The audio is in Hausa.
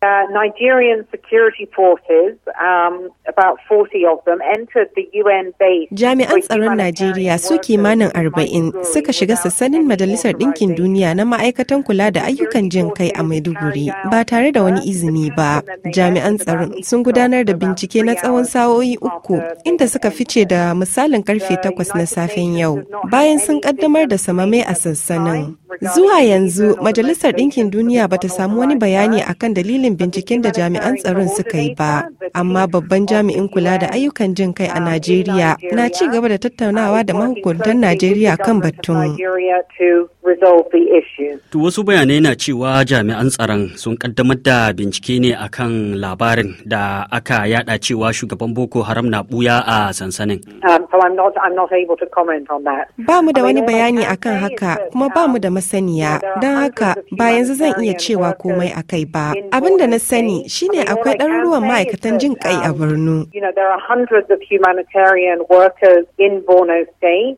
Uh, Nigerian security forces, um, about 40 of them, entered the UN base. Jami'an tsaron Najeriya su kimanin arba'in suka shiga sassanin Majalisar Ɗinkin Duniya na ma'aikatan kula da ayyukan jin kai a Maiduguri ba tare da wani izini ba. Jami'an tsaron sun gudanar da bincike na tsawon sa'o'i uku inda suka fice da misalin karfe takwas na safen yau bayan sun kaddamar da samame a sassanin. Zuwa yanzu Majalisar Ɗinkin Duniya ba ta samu wani bayani akan dalilin binciken da jami'an tsaron suka yi ba, amma babban jami'in kula da ayyukan jin kai a Najeriya na ci gaba da tattaunawa da mahukuntan Najeriya kan batun. To wasu bayanai na cewa jami'an tsaron sun kaddamar da bincike ne akan labarin da aka yada cewa shugaban Boko Haram na buya a sansanin. Um, ba mu da wani bayani akan haka kuma ba mu da um, saniya don haka ba yanzu zan iya cewa komai a kai ba abin da na sani shine akwai ɗaruruwan ma'aikatan jin kai a um, borno